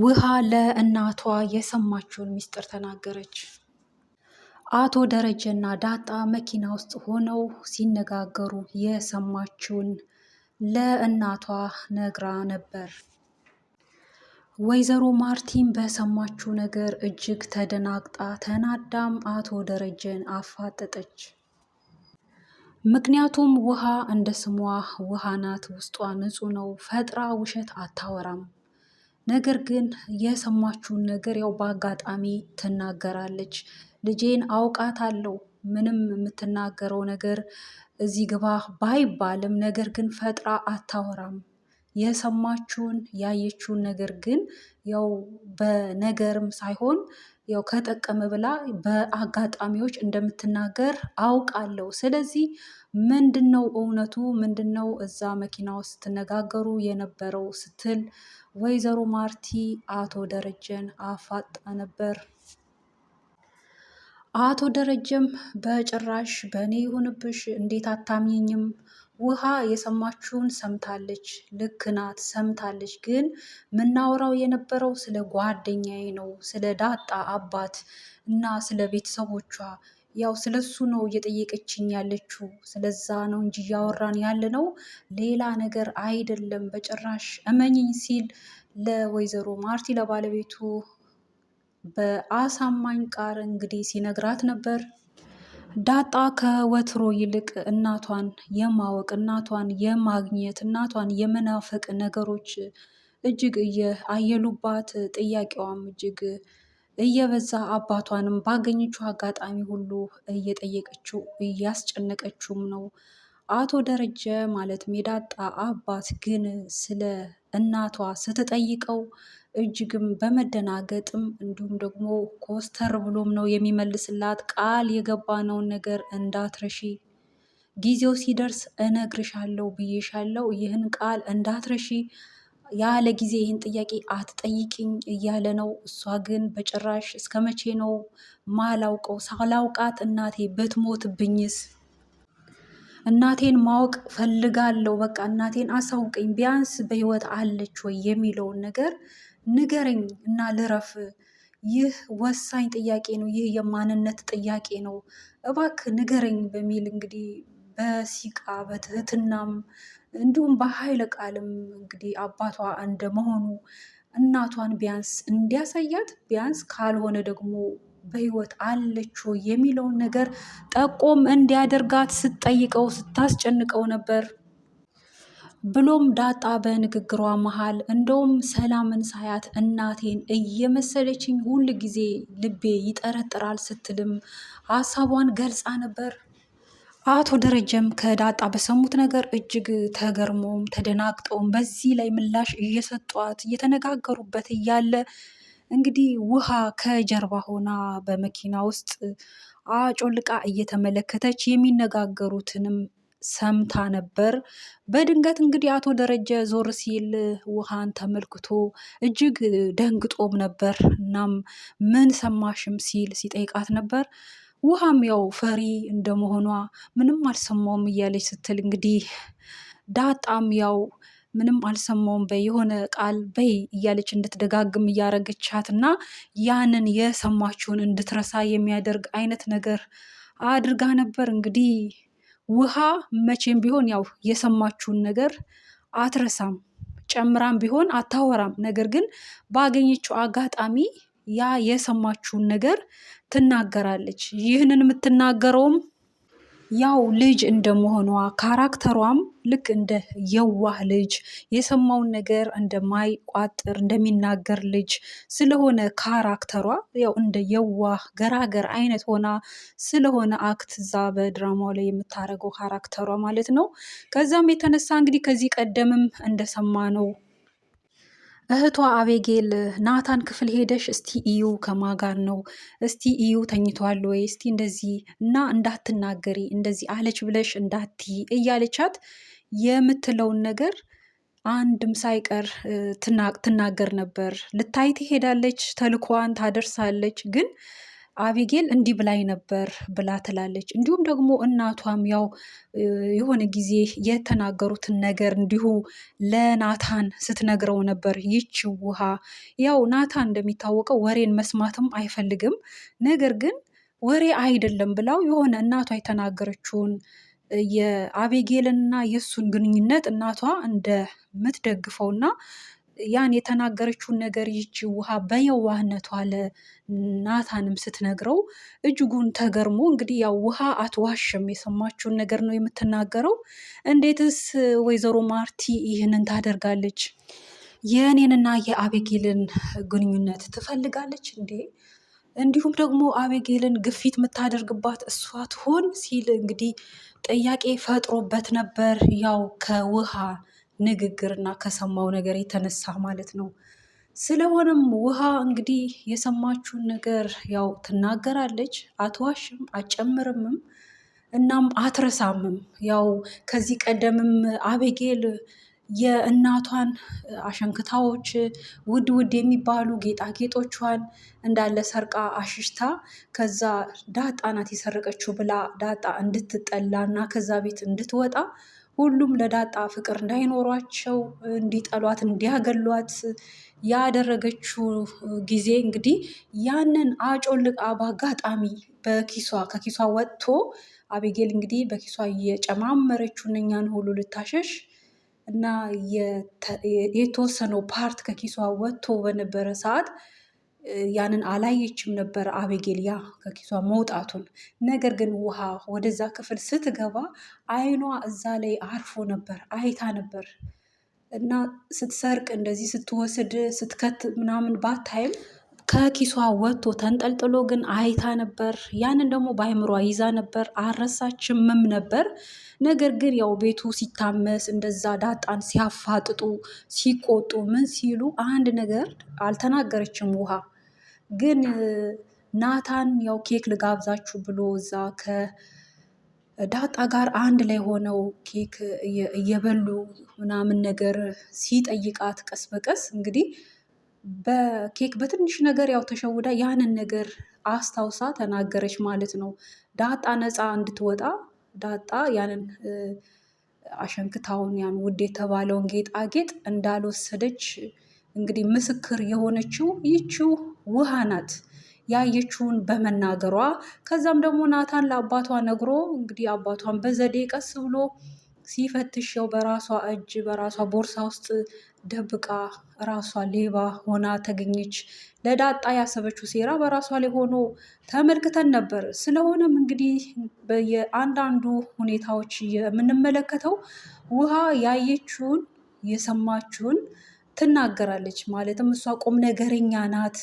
ውሃ ለእናቷ የሰማችውን ምስጢር ተናገረች። አቶ ደረጀና ዳጣ መኪና ውስጥ ሆነው ሲነጋገሩ የሰማችውን ለእናቷ ነግራ ነበር። ወይዘሮ ማርቲን በሰማችው ነገር እጅግ ተደናግጣ ተናዳም አቶ ደረጀን አፋጠጠች። ምክንያቱም ውሃ እንደ ስሟ ውሃ ናት፣ ውስጧ ንጹሕ ነው፣ ፈጥራ ውሸት አታወራም። ነገር ግን የሰማችውን ነገር ያው በአጋጣሚ ትናገራለች። ልጄን አውቃታለሁ ምንም የምትናገረው ነገር እዚህ ግባ ባይባልም ነገር ግን ፈጥራ አታወራም። የሰማችውን ያየችውን ነገር ግን ያው በነገርም ሳይሆን ያው ከጠቀመ ብላ በአጋጣሚዎች እንደምትናገር አውቃለሁ። ስለዚህ ምንድን ነው እውነቱ? ምንድን ነው እዛ መኪና ውስጥ ስትነጋገሩ የነበረው ስትል ወይዘሮ ማርቲ አቶ ደረጀን አፋጣ ነበር። አቶ ደረጀም በጭራሽ በእኔ ይሁንብሽ፣ እንዴት አታምኝኝም? ውሃ የሰማችውን ሰምታለች፣ ልክ ናት፣ ሰምታለች። ግን ምናወራው የነበረው ስለ ጓደኛዬ ነው፣ ስለ ዳጣ አባት እና ስለ ቤተሰቦቿ ያው ስለሱ ነው እየጠየቀችኝ ያለችው። ስለዛ ነው እንጂ እያወራን ያለ ነው ሌላ ነገር አይደለም በጭራሽ እመኝኝ ሲል ለወይዘሮ ማርቲ ለባለቤቱ በአሳማኝ ቃር እንግዲህ ሲነግራት ነበር። ዳጣ ከወትሮ ይልቅ እናቷን የማወቅ እናቷን የማግኘት እናቷን የመናፈቅ ነገሮች እጅግ እየአየሉባት ጥያቄዋም እጅግ እየበዛ አባቷንም ባገኘችው አጋጣሚ ሁሉ እየጠየቀችው እያስጨነቀችውም ነው። አቶ ደረጀ ማለት የዳጣ አባት ግን ስለ እናቷ ስትጠይቀው እጅግም በመደናገጥም እንዲሁም ደግሞ ኮስተር ብሎም ነው የሚመልስላት። ቃል የገባነውን ነገር እንዳትረሺ፣ ጊዜው ሲደርስ እነግርሻለሁ ብዬሻለሁ፣ ይህን ቃል እንዳትረሺ ያለ ጊዜ ይህን ጥያቄ አትጠይቅኝ እያለ ነው። እሷ ግን በጭራሽ እስከ መቼ ነው ማላውቀው? ሳላውቃት እናቴ በትሞት ብኝስ እናቴን ማወቅ ፈልጋለሁ። በቃ እናቴን አሳውቀኝ፣ ቢያንስ በህይወት አለች ወይ የሚለውን ነገር ንገረኝ እና ልረፍ። ይህ ወሳኝ ጥያቄ ነው። ይህ የማንነት ጥያቄ ነው። እባክ ንገረኝ በሚል እንግዲህ በሲቃ በትህትናም እንዲሁም በኃይለ ቃልም እንግዲህ አባቷ እንደመሆኑ እናቷን ቢያንስ እንዲያሳያት ቢያንስ ካልሆነ ደግሞ በህይወት አለች የሚለውን ነገር ጠቆም እንዲያደርጋት ስትጠይቀው ስታስጨንቀው ነበር። ብሎም ዳጣ በንግግሯ መሃል እንደውም ሰላምን ሳያት እናቴን እየመሰለችኝ ሁል ጊዜ ልቤ ይጠረጥራል ስትልም ሀሳቧን ገልጻ ነበር። አቶ ደረጀም ከዳጣ በሰሙት ነገር እጅግ ተገርሞም ተደናግጠውም በዚህ ላይ ምላሽ እየሰጧት እየተነጋገሩበት እያለ እንግዲህ ውሃ ከጀርባ ሆና በመኪና ውስጥ አጮልቃ እየተመለከተች የሚነጋገሩትንም ሰምታ ነበር። በድንገት እንግዲህ አቶ ደረጀ ዞር ሲል ውሃን ተመልክቶ እጅግ ደንግጦም ነበር። እናም ምን ሰማሽም ሲል ሲጠይቃት ነበር። ውሃም ያው ፈሪ እንደመሆኗ ምንም አልሰማውም እያለች ስትል እንግዲህ ዳጣም ያው ምንም አልሰማውም በይ የሆነ ቃል በይ እያለች እንድትደጋግም እያረገቻት እና ያንን የሰማችውን እንድትረሳ የሚያደርግ አይነት ነገር አድርጋ ነበር። እንግዲህ ውሃ መቼም ቢሆን ያው የሰማችውን ነገር አትረሳም፣ ጨምራም ቢሆን አታወራም። ነገር ግን ባገኘችው አጋጣሚ ያ የሰማችውን ነገር ትናገራለች። ይህንን የምትናገረውም ያው ልጅ እንደመሆኗ ካራክተሯም ልክ እንደ የዋህ ልጅ የሰማውን ነገር እንደማይቋጥር እንደሚናገር ልጅ ስለሆነ ካራክተሯ ያው እንደ የዋህ ገራገር አይነት ሆና ስለሆነ አክት እዛ በድራማው ላይ የምታደርገው ካራክተሯ ማለት ነው። ከዛም የተነሳ እንግዲህ ከዚህ ቀደምም እንደሰማ ነው እህቷ አቤጌል ናታን ክፍል ሄደሽ እስቲ እዩ ከማጋር ነው እስቲ እዩ ተኝቷል ወይ እስቲ እንደዚህ እና እንዳትናገሪ እንደዚህ አለች ብለሽ እንዳት እያለቻት የምትለውን ነገር አንድም ሳይቀር ትናገር ነበር። ልታይ ትሄዳለች፣ ተልኳን ታደርሳለች ግን አቢጌል እንዲህ ብላኝ ነበር ብላ ትላለች። እንዲሁም ደግሞ እናቷም ያው የሆነ ጊዜ የተናገሩትን ነገር እንዲሁ ለናታን ስትነግረው ነበር። ይች ውሃ ያው ናታን እንደሚታወቀው ወሬን መስማትም አይፈልግም። ነገር ግን ወሬ አይደለም ብላው የሆነ እናቷ የተናገረችውን የአቤጌልንና የእሱን ግንኙነት እናቷ እንደምትደግፈውና ያን የተናገረችውን ነገር ይቺ ውሃ በየዋህነቷ ለናታንም ስትነግረው እጅጉን ተገርሞ እንግዲህ ያው ውሃ አትዋሽም፣ የሰማችውን ነገር ነው የምትናገረው። እንዴትስ ወይዘሮ ማርቲ ይህንን ታደርጋለች? የእኔንና የአቤጌልን ግንኙነት ትፈልጋለች እንዴ? እንዲሁም ደግሞ አቤጌልን ግፊት የምታደርግባት እሷ ትሆን ሲል እንግዲህ ጥያቄ ፈጥሮበት ነበር ያው ከውሃ ንግግርና ከሰማው ነገር የተነሳ ማለት ነው። ስለሆነም ውሃ እንግዲህ የሰማችውን ነገር ያው ትናገራለች፣ አትዋሽም፣ አጨምርምም እናም አትረሳምም። ያው ከዚህ ቀደምም አቤጌል የእናቷን አሸንክታዎች ውድ ውድ የሚባሉ ጌጣጌጦቿን እንዳለ ሰርቃ አሽሽታ ከዛ ዳጣ ናት የሰረቀችው ብላ ዳጣ እንድትጠላ እና ከዛ ቤት እንድትወጣ ሁሉም ለዳጣ ፍቅር እንዳይኖሯቸው እንዲጠሏት እንዲያገሏት ያደረገችው ጊዜ እንግዲህ ያንን አጮልቃ በአጋጣሚ በኪሷ ከኪሷ ወጥቶ አቤጌል እንግዲህ በኪሷ እየጨማመረችው እነኛን ሁሉ ልታሸሽ እና የተወሰነው ፓርት ከኪሷ ወጥቶ በነበረ ሰዓት ያንን አላየችም ነበር አቤጌል ያ ከኪሷ መውጣቱን። ነገር ግን ውሃ ወደዛ ክፍል ስትገባ አይኗ እዛ ላይ አርፎ ነበር አይታ ነበር እና ስትሰርቅ እንደዚህ ስትወስድ ስትከት ምናምን ባታይም ከኪሷ ወጥቶ ተንጠልጥሎ ግን አይታ ነበር። ያንን ደግሞ በአይምሯ ይዛ ነበር፣ አረሳችምም ነበር። ነገር ግን ያው ቤቱ ሲታመስ እንደዛ ዳጣን ሲያፋጥጡ ሲቆጡ ምን ሲሉ አንድ ነገር አልተናገረችም ውሃ ግን ናታን ያው ኬክ ልጋብዛችሁ ብሎ እዛ ከዳጣ ጋር አንድ ላይ ሆነው ኬክ እየበሉ ምናምን ነገር ሲጠይቃት ቀስ በቀስ እንግዲህ በኬክ በትንሽ ነገር ያው ተሸውዳ ያንን ነገር አስታውሳ ተናገረች ማለት ነው። ዳጣ ነፃ እንድትወጣ ዳጣ ያንን አሸንክታውን ያን ውድ የተባለውን ጌጣጌጥ እንዳልወሰደች እንግዲህ ምስክር የሆነችው ይችው ውሃ ናት። ያየችውን በመናገሯ ከዛም ደግሞ ናታን ለአባቷ ነግሮ እንግዲህ አባቷን በዘዴ ቀስ ብሎ ሲፈትሸው በራሷ እጅ በራሷ ቦርሳ ውስጥ ደብቃ ራሷ ሌባ ሆና ተገኘች። ለዳጣ ያሰበችው ሴራ በራሷ ላይ ሆኖ ተመልክተን ነበር። ስለሆነም እንግዲህ የአንዳንዱ ሁኔታዎች የምንመለከተው ውሃ ያየችውን የሰማችውን ትናገራለች። ማለትም እሷ ቁም ነገረኛ ናት።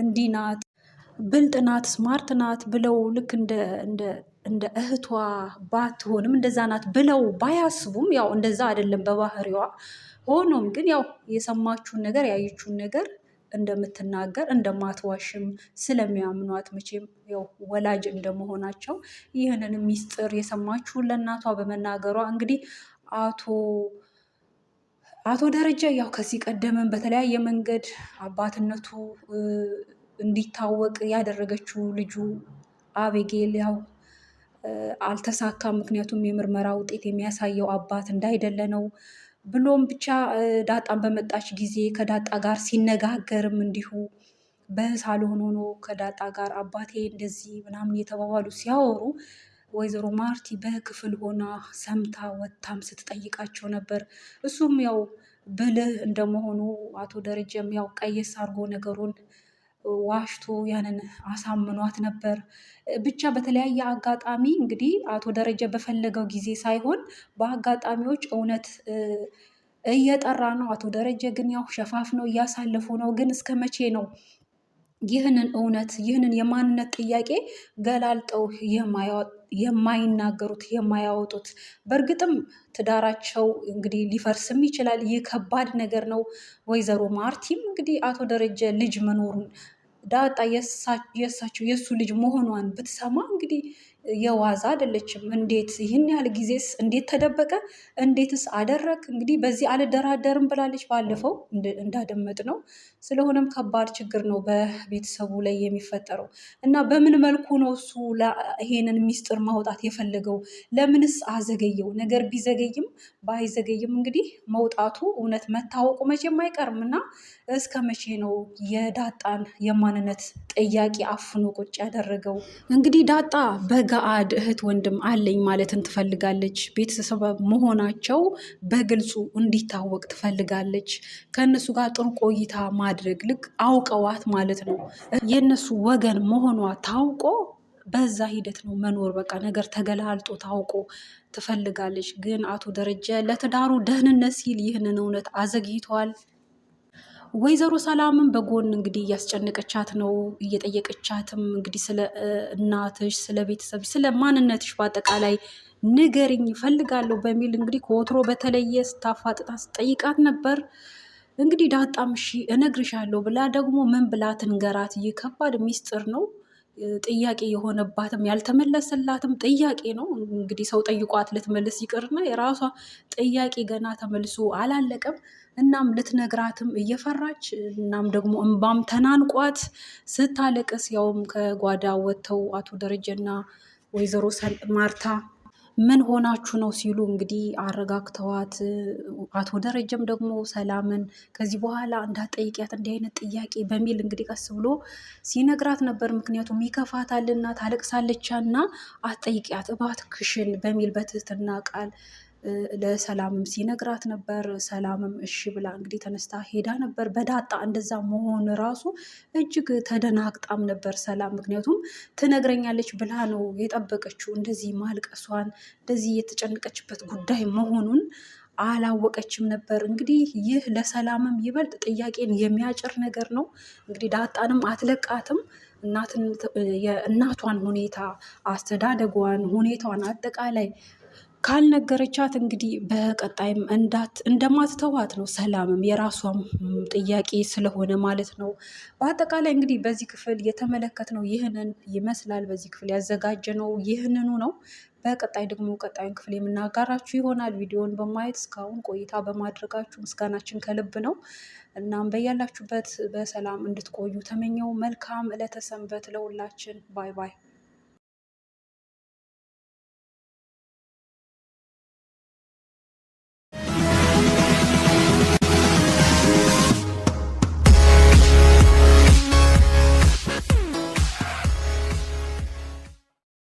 እንዲህ ናት፣ ብልጥ ናት፣ ስማርት ናት ብለው ልክ እንደ እህቷ ባትሆንም እንደዛ ናት ብለው ባያስቡም ያው እንደዛ አይደለም በባህሪዋ። ሆኖም ግን ያው የሰማችውን ነገር ያየችውን ነገር እንደምትናገር እንደማትዋሽም ስለሚያምኗት መቼም ያው ወላጅ እንደመሆናቸው ይህንን ሚስጥር የሰማችውን ለእናቷ በመናገሯ እንግዲህ አቶ አቶ ደረጀ ያው ከዚህ ቀደምን በተለያየ መንገድ አባትነቱ እንዲታወቅ ያደረገችው ልጁ አቤጌል ያው አልተሳካም። ምክንያቱም የምርመራ ውጤት የሚያሳየው አባት እንዳይደለ ነው። ብሎም ብቻ ዳጣን በመጣች ጊዜ ከዳጣ ጋር ሲነጋገርም እንዲሁ በሳሎን ሆኖ ከዳጣ ጋር አባቴ እንደዚህ ምናምን የተባባሉ ሲያወሩ ወይዘሮ ማርቲ በክፍል ሆና ሰምታ ወጥታም ስትጠይቃቸው ነበር። እሱም ያው ብልህ እንደመሆኑ አቶ ደረጀም ያው ቀየስ አድርጎ ነገሩን ዋሽቶ ያንን አሳምኗት ነበር። ብቻ በተለያየ አጋጣሚ እንግዲህ አቶ ደረጀ በፈለገው ጊዜ ሳይሆን በአጋጣሚዎች እውነት እየጠራ ነው። አቶ ደረጀ ግን ያው ሸፋፍ ነው እያሳለፉ ነው። ግን እስከ መቼ ነው ይህንን እውነት ይህንን የማንነት ጥያቄ ገላልጠው የማይናገሩት የማያወጡት በእርግጥም ትዳራቸው እንግዲህ ሊፈርስም ይችላል። ይህ ከባድ ነገር ነው። ወይዘሮ ማርቲም እንግዲህ አቶ ደረጀ ልጅ መኖሩን ዳጣ የእሳቸው የእሱ ልጅ መሆኗን ብትሰማ እንግዲህ የዋዛ አይደለችም። እንዴት ይህን ያህል ጊዜስ እንዴት ተደበቀ? እንዴትስ አደረግ? እንግዲህ በዚህ አልደራደርም ብላለች ባለፈው እንዳደመጥ ነው። ስለሆነም ከባድ ችግር ነው በቤተሰቡ ላይ የሚፈጠረው እና በምን መልኩ ነው እሱ ይሄንን ሚስጥር ማውጣት የፈለገው? ለምንስ አዘገየው? ነገር ቢዘገይም ባይዘገይም እንግዲህ መውጣቱ እውነት መታወቁ መቼም አይቀርም እና እስከ መቼ ነው የዳጣን የማንነት ጥያቄ አፍኖ ቁጭ ያደረገው? እንግዲህ ዳጣ በጋ ገአድ እህት ወንድም አለኝ ማለትን ትፈልጋለች። ቤተሰብ መሆናቸው በግልጹ እንዲታወቅ ትፈልጋለች። ከእነሱ ጋር ጥሩ ቆይታ ማድረግ ልክ አውቀዋት ማለት ነው የእነሱ ወገን መሆኗ ታውቆ በዛ ሂደት ነው መኖር በቃ ነገር ተገላልጦ ታውቆ ትፈልጋለች። ግን አቶ ደረጀ ለትዳሩ ደህንነት ሲል ይህንን እውነት አዘግይቷል። ወይዘሮ ሰላምን በጎን እንግዲህ እያስጨነቀቻት ነው። እየጠየቀቻትም እንግዲህ ስለ እናትሽ፣ ስለ ቤተሰብ፣ ስለ ማንነትሽ በአጠቃላይ ንገርኝ እፈልጋለሁ በሚል እንግዲህ ከወትሮ በተለየ ስታፋጥጣ ስጠይቃት ነበር። እንግዲህ ዳጣም እሺ እነግርሻለሁ ብላ ደግሞ ምን ብላ ትንገራት? ይህ ከባድ ሚስጥር ነው። ጥያቄ የሆነባትም ያልተመለሰላትም ጥያቄ ነው። እንግዲህ ሰው ጠይቋት ልትመልስ ይቅርና የራሷ ጥያቄ ገና ተመልሶ አላለቀም። እናም ልትነግራትም እየፈራች እናም ደግሞ እንባም ተናንቋት ስታለቅስ ያውም ከጓዳ ወጥተው አቶ ደረጀና ወይዘሮ ማርታ ምን ሆናችሁ ነው ሲሉ እንግዲህ አረጋግተዋት አቶ ደረጀም ደግሞ ሰላምን ከዚህ በኋላ እንዳትጠይቂያት እንዲህ አይነት ጥያቄ በሚል እንግዲህ ቀስ ብሎ ሲነግራት ነበር። ምክንያቱም ይከፋታልና ታለቅሳለቻና አትጠይቂያት እባክሽን በሚል በትህትና ቃል ለሰላምም ሲነግራት ነበር። ሰላምም እሺ ብላ እንግዲህ ተነስታ ሄዳ ነበር። በዳጣ እንደዛ መሆን ራሱ እጅግ ተደናግጣም ነበር ሰላም። ምክንያቱም ትነግረኛለች ብላ ነው የጠበቀችው። እንደዚህ ማልቀሷን እንደዚህ የተጨነቀችበት ጉዳይ መሆኑን አላወቀችም ነበር። እንግዲህ ይህ ለሰላምም ይበልጥ ጥያቄን የሚያጭር ነገር ነው። እንግዲህ ዳጣንም አትለቃትም። እናቷን የእናቷን ሁኔታ አስተዳደጓን፣ ሁኔታዋን አጠቃላይ ካልነገረቻት እንግዲህ በቀጣይም እንዳት እንደማትተዋት ነው። ሰላምም የራሷም ጥያቄ ስለሆነ ማለት ነው። በአጠቃላይ እንግዲህ በዚህ ክፍል የተመለከትነው ይህንን ይመስላል። በዚህ ክፍል ያዘጋጀነው ይህንኑ ነው። በቀጣይ ደግሞ ቀጣዩን ክፍል የምናጋራችሁ ይሆናል። ቪዲዮን በማየት እስካሁን ቆይታ በማድረጋችሁ ምስጋናችን ከልብ ነው። እናም በያላችሁበት በሰላም እንድትቆዩ ተመኘው። መልካም ዕለተ ሰንበት ለሁላችን። ባይ ባይ